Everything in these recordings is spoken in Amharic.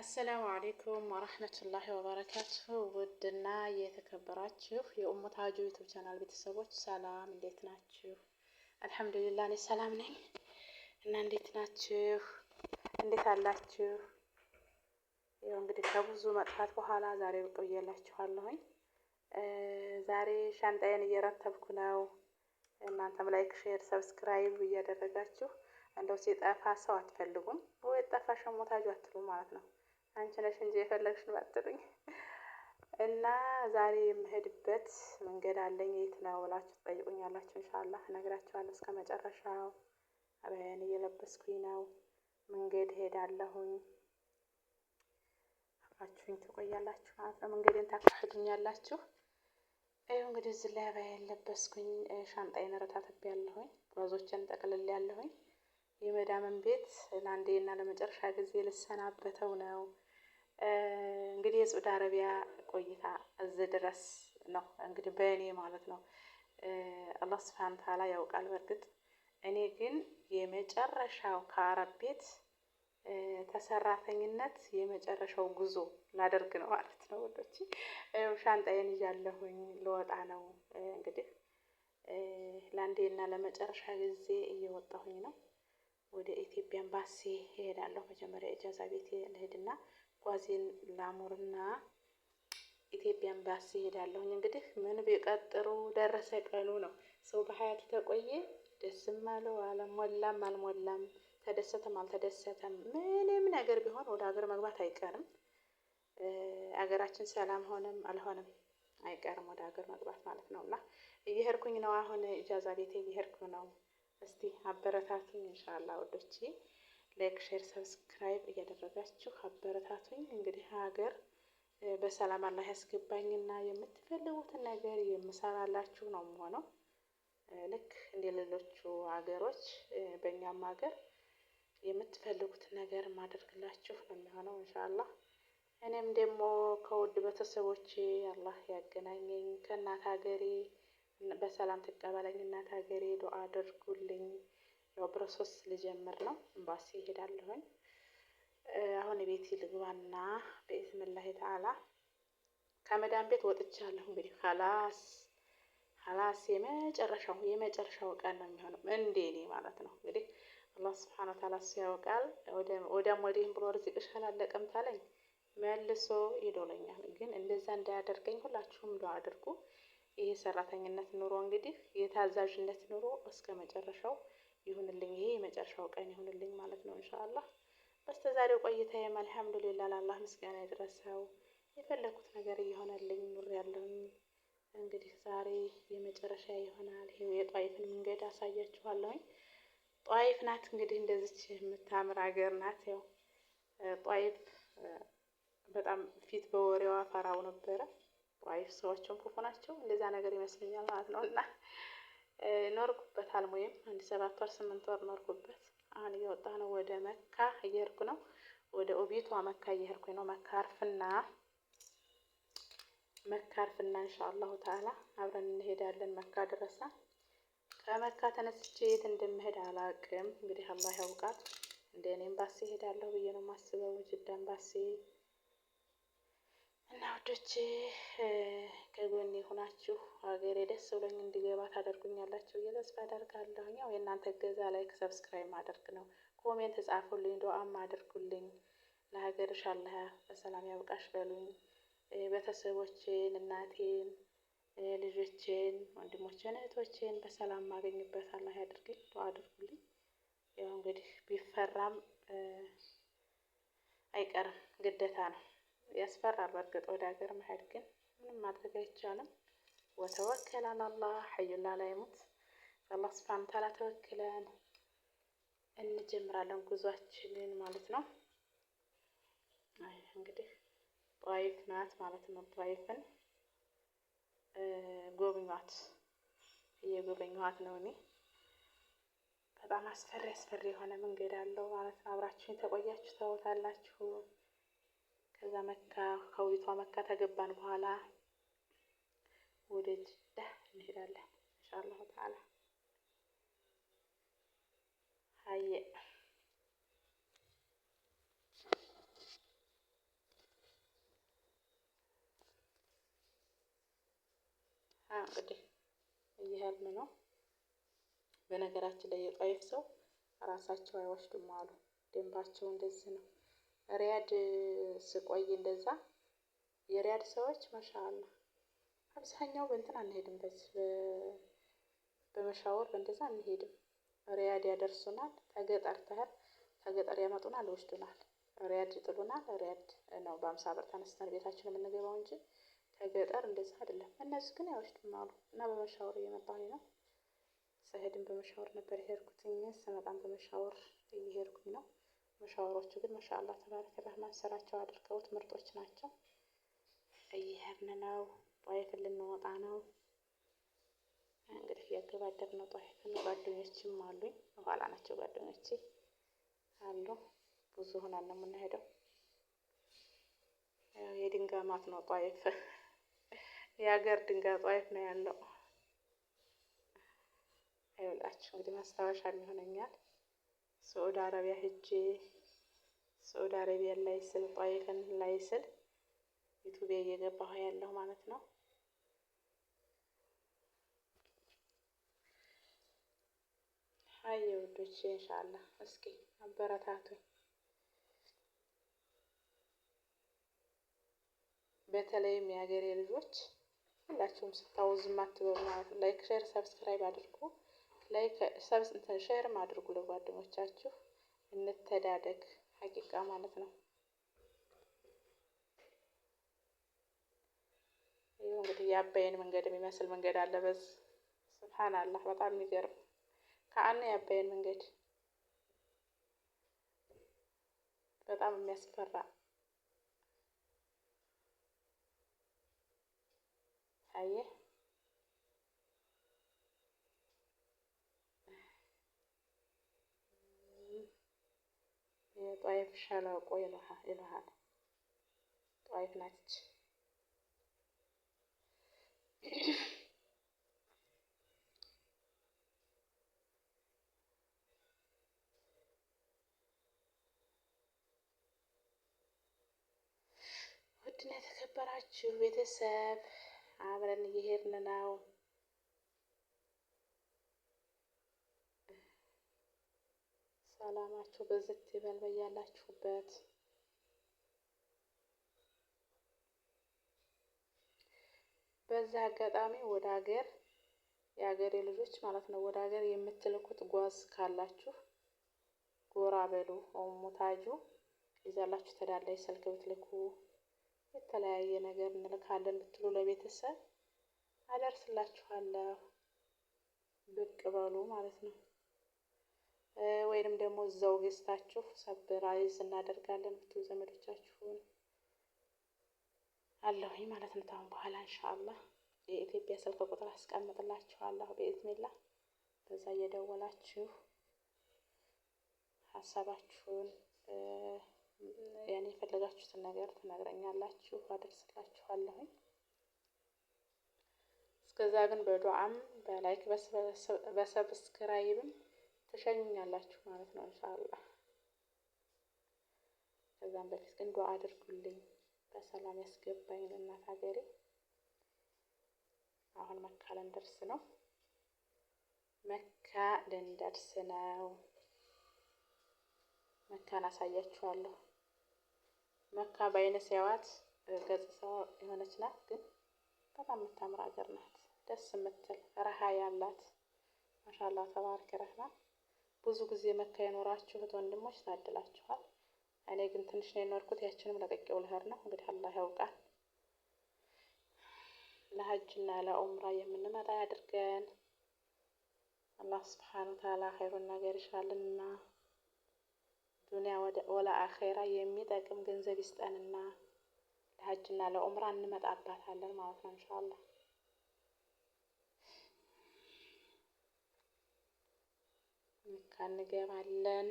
አሰላሙ አሌይኩም ወረህመቱላሂ ወበረካቱሁ ውድና የተከበራችሁ የኡሙታጁ ዩቱብ ቻናል ቤተሰቦች ሰላም፣ እንዴት ናችሁ? አልሐምዱሊላ እኔ ሰላም ነኝ። እና እንዴት ናችሁ? እንዴት አላችሁ? ይኸው እንግዲህ ከብዙ መጥፋት በኋላ ዛሬ ብቅ ብያላችኋለሁኝ። ዛሬ ሻንጣዬን እየረተብኩ ነው። እናንተም ላይክ፣ ሼር፣ ሰብስክራይብ እያደረጋችሁ እንደው ሲጠፋ ሰው አትፈልጉም ወይ ጠፋ ሸሞታጁ አትሉ ማለት ነው አንቺ ነሽ እንጂ የፈለግሽን ባትሉኝ እና ዛሬ የምሄድበት መንገድ አለኝ። የት ነው ብላችሁ ትጠይቁኛላችሁ። ኢንሻላህ እነግራችኋለሁ እስከ መጨረሻው። አብያን እየለበስኩኝ ነው መንገድ ሄዳለሁኝ። አብራችሁኝ ትቆያላችሁ ማለት ነው። መንገድን ታካሂዱኛላችሁ። ይኸው እንግዲህ እዚህ ላይ አብያን ለበስኩኝ። ሻንጣዬን ረታትቤ ያለሁኝ፣ ጓዞችን ጠቅልል ያለሁኝ የመዳምን ቤት ለአንዴ እና ለመጨረሻ ጊዜ ልሰናበተው ነው። እንግዲህ የሳዑዲ አረቢያ ቆይታ እዚህ ድረስ ነው። እንግዲህ በእኔ ማለት ነው። አላህ ስብሐነ ተዓላ ያውቃል። በእርግጥ እኔ ግን የመጨረሻው ከአረብ ቤት ተሰራተኝነት የመጨረሻው ጉዞ ላደርግ ነው ማለት ነው። ወንዶች ሻንጣዬን እያለሁኝ ልወጣ ነው። እንግዲህ እና ለመጨረሻ ጊዜ እየወጣሁኝ ነው። ወደ ኢትዮጵያ ኤምባሲ እሄዳለሁ። መጀመሪያ ኢጃዛ ቤት ልሄድና ጓዜን ላሙርና ኢትዮጵያ ኤምባሲ እሄዳለሁ። እንግዲህ ምን ቢቀጥሩ ደረሰ ቀኑ ነው። ሰው በሀያት ከቆየ ደስም አለው አልሞላም አልሞላም ተደሰተም አልተደሰተም ምንም ነገር ቢሆን ወደ ሀገር መግባት አይቀርም። አገራችን ሰላም ሆነም አልሆነም አይቀርም ወደ ሀገር መግባት ማለት ነው። እና እየሄድኩኝ ነው። አሁን ኢጃዛ ቤቴ እየሄድኩ ነው። እስቲ አበረታቱኝ። እንሻላ ወዶቼ ላይክ፣ ሼር፣ ሰብስክራይብ እያደረጋችሁ አበረታቱኝ። እንግዲህ ሀገር በሰላም አላህ ያስገባኝና የምትፈልጉትን ነገር የምሰራላችሁ ነው የምሆነው። ልክ እንደ ሌሎቹ ሀገሮች በእኛም ሀገር የምትፈልጉትን ነገር ማደርግላችሁ ነው የሚሆነው እንሻላ። እኔም ደግሞ ከውድ ቤተሰቦቼ አላህ ያገናኘኝ ከእናት ሀገሬ በሰላም ትቀበለኝ እናት ሀገሬ ዶ አድርጉልኝ። ያው ፕሮሰስ ልጀምር ነው፣ ኤምባሲ ይሄዳለሁኝ። አሁን ቤት ልግባና በኢዝንላሂ ተዓላ ከመዳን ቤት ወጥቻለሁ። እንግዲህ ሀላስ ሀላስ የመጨረሻው የመጨረሻው ቀን ነው የሚሆነው እንዴ እኔ ማለት ነው። እንግዲህ አላህ ስብሓነ ወተዓላ እሱ ያውቃል። ወዲያም ወዲህም ብሎ ርዝቅሽ አላለቀም ታለኝ መልሶ ይዶለኛል። ግን እንደዛ እንዳያደርገኝ ሁላችሁም ዱአ አድርጉ። ይሄ ሰራተኝነት ኑሮ እንግዲህ የታዛዥነት ኑሮ እስከ መጨረሻው ይሁንልኝ። ይሄ የመጨረሻው ቀን ይሁንልኝ ማለት ነው ኢንሻአላህ። በስተዛሬው ቆይታዬም አልሐምዱሊላ ላላህ ምስጋና ይድረሰው የፈለኩት ነገር እየሆነልኝ ኑሮ ያለውኝ እንግዲህ ዛሬ የመጨረሻ ይሆናል። ይሄው የጧይፍን መንገድ አሳያችኋለሁኝ። ጧይፍ ናት እንግዲህ እንደዚች የምታምር ሀገር ናት። ያው ጧይፍ በጣም ፊት በወሬዋ ፈራው ነበረ አሪፍ ሰዎችም ክፉ ናቸው። እንደዛ ነገር ይመስለኛል ማለት ነው። እና ኖርኩበት አልሙዬም አንድ ሰባት ወር ስምንት ወር ኖርኩበት። አሁን እየወጣ ነው ወደ መካ እየሄድኩ ነው። ወደ ኦቤቷ መካ እየሄድኩኝ ነው። መካርፍና መካርፍና መካ ተዓላ አብረን እንሄዳለን መካ ድረሳ። ከመካ ተነስቼ የት እንደምሄድ አላቅም። እንግዲህ አላህ ያውቃል። እንደ እኔም ኤምባሲ እሄዳለሁ ብዬ ነው የማስበው። ጅዳ ኤምባሲ እና ውዶቼ ከጎኔ ሆናችሁ ሀገሬ ደስ ብሎኝ እንዲገባ ታደርጉኛላችሁ ብዬ አደርጋለሁ። ያው የእናንተ እገዛ ላይክ፣ ሰብስክራይብ ማድረግ ነው። ኮሜንት ጻፉልኝ፣ ዶአም አድርጉልኝ። ለሀገርሽ አላህ በሰላም ያብቃሽ በሉኝ። ቤተሰቦቼን፣ እናቴን፣ ልጆቼን፣ ወንድሞቼን፣ እህቶቼን በሰላም ማገኝበት አላህ ያድርግልኝ። አድርጉልኝ። ያው እንግዲህ ቢፈራም አይቀርም ግዴታ ነው። ያስፈራል። በእርግጥ ወደ ሀገር መሄድ ግን ምንም ማድረግ አይቻልም። ወተወከል አላህ ሐዩላ ላይ ሙት አላህ ስብሐነ ተዓላ ተወክለን እንጀምራለን ጉዟችንን ማለት ነው። እንግዲህ ጧይፍ ናት ማለት ነው። ጧይፍን ጎብኟት፣ እየጎበኘኋት ነው እኔ። በጣም አስፈሪ አስፈሪ የሆነ መንገድ አለው ማለት ነው። አብራችሁን ተቆያችሁ ታውታላችሁ። ከዛ መካ ከውቢቷ መካ ተገባን በኋላ ወደ ጅዳ እንሄዳለን ኢንሻአላሁ ተዓላ። አየ እንግዲህ እየህልም ነው። በነገራችን ላይ የጧይፍ ሰው ራሳቸው አይወስዱም አሉ። ደንባቸው እንደዚህ ነው። ሪያድ ስቆይ እንደዛ የሪያድ ሰዎች ማሻአላ አብዛኛው በእንትን አንሄድም፣ በዚህ በመሻወር በእንደዛ አንሄድም። ሪያድ ያደርሱናል። ከገጠር ተህር ከገጠር ያመጡናል፣ ወስዱናል፣ ሪያድ ይጥሉናል። ሪያድ ነው በአምሳ ብር ተነስተን ቤታችን የምንገባው እንጂ ከገጠር እንደዛ አይደለም። እነሱ ግን አይወስዱም አሉ እና በመሻወር እየመጣሁ ነው። ስሄድም በመሻወር ነበር የሄድኩትኝ፣ ስመጣም በመሻወር እየሄድኩኝ ነው። መሻወሮቹ ግን መሻላ ተባረከ ረህማን ስራቸው አድርገውት ምርጦች ናቸው። እየሄድን ነው። ጧይፍ ልንወጣ ነው እንግዲህ እያገባደድ ነው ጓደኞችም አሉኝ በኋላ ናቸው ጓደኞች አሉ። ብዙ ሆናን ነው የምንሄደው። የድንጋይ ማት ነው ጧይፍ፣ የሀገር ድንጋይ ጧይፍ ነው ያለው። አይውላችሁ እንግዲህ ማስታወሻ ይሆነኛል። ሰዑድ አረቢያ ሂጄ ሰዑድ አረቢያ ላይ ስል ጣይፍን ላይ ስል ዩቱቤ እየገባሁ ያለሁ ማለት ነው። ሀይ ውዶች እንሻላ እስኪ አበረታቱ በተለይም የሀገሬ ልጆች ሁላችሁም ስታውዝ ማትበሩ ማለት ነው። ላይክ፣ ሼር፣ ሰብስክራይብ አድርጉ። ላይክ ሼርም አድርጉ ለጓደኞቻችሁ። እንተዳደግ ሀቂቃ ማለት ነው። ይህ እንግዲህ የአባይን መንገድ የሚመስል መንገድ አለ። በዝ ስብሓን አላህ በጣም የሚገርም ከአነ የአባይን መንገድ በጣም የሚያስፈራ አየህ። ጧይፍ ሸለቆ ይለሃል። ጧይፍ ናትች። ውድና የተከበራችሁ ቤተሰብ ሰላማቸው በዝት ይበል በያላችሁበት። በዛ አጋጣሚ ወደ ሀገር የሀገሬ ልጆች ማለት ነው ወደ ሀገር የምትልኩት ጓዝ ካላችሁ ጎራ በሉ። ኦሙታጁ ይዛላችሁ ተዳላይ ስልክ ብትልኩ የተለያየ ነገር እንልካለን ብትሉ ለቤተሰብ አደርስላችኋለሁ። ብቅ በሉ ማለት ነው። ወይንም ደግሞ እዛው ገዝታችሁ ሰብራይዝ እናደርጋለን ብትሉ ዘመዶቻችሁን አለሁኝ ማለት ነው። ታሁን በኋላ እንሻአላህ የኢትዮጵያ ስልክ ቁጥር አስቀምጥላችኋለሁ በኢዝኒላ በዛ እየደወላችሁ ሀሳባችሁን ያኔ የፈለጋችሁትን ነገር ትነግረኛላችሁ፣ አደርስላችኋለሁኝ። እስከዛ ግን በዱዓም በላይክ በሰብስክራይብም ትሸኙኛላችሁ ማለት ነው እንሻላ ከዛም በፊት ግን ዱዓ አድርጉልኝ በሰላም ያስገባኝ እናት ሀገሬ። አሁን መካ ልንደርስ ነው። መካ ልንደርስ ነው። መካን አሳያችኋለሁ። መካ በአይነ ሲያዋት ገጽታ የሆነች ናት፣ ግን በጣም የምታምር ሀገር ናት። ደስ የምትል ረሃ ያላት ማሻላ ተባረከ ረህማን ብዙ ጊዜ መካ የኖራችሁ እህት ወንድሞች ታድላችኋል። እኔ ግን ትንሽ ነው የኖርኩት። ያችንም ለቀቄው ልሄድ ነው እንግዲህ አላህ ያውቃል። ለሀጅና ለኡምራ የምንመጣ ያድርገን። አላህ ስብሓን ታላ ኸይሩን ነገር ይሻልና ዱኒያ ወለ አኼራ የሚጠቅም ገንዘብ ይስጠንና ለሀጅና ለኡምራ እንመጣባታለን ማለት ነው እንሻላ። መካ እንገባለን።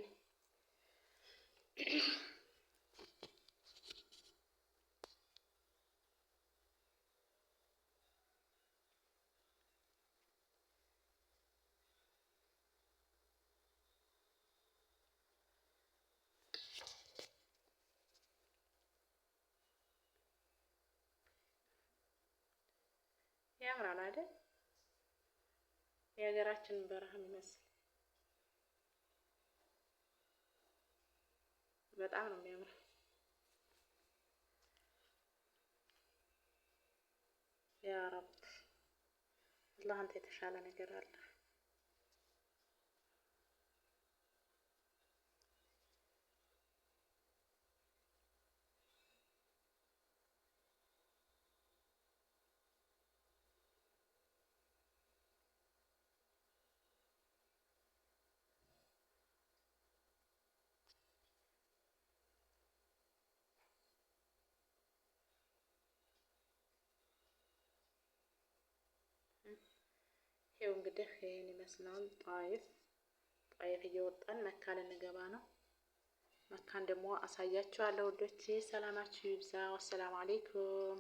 ያምራል አይደል? የሀገራችንን በረሃ የሚመስል በጣም ነው የሚያምረው። ያ ረብ አላህ አንተ የተሻለ ነገር አለ። ይሄው እንግዲህ ይሄን ይመስላል። ጣይፍ ጣይፍ እየወጣን መካ ልንገባ ነው። መካን ደግሞ አሳያችኋለሁ ውዶቼ። ሰላማችሁ ይብዛ። ወሰላም አሌይኩም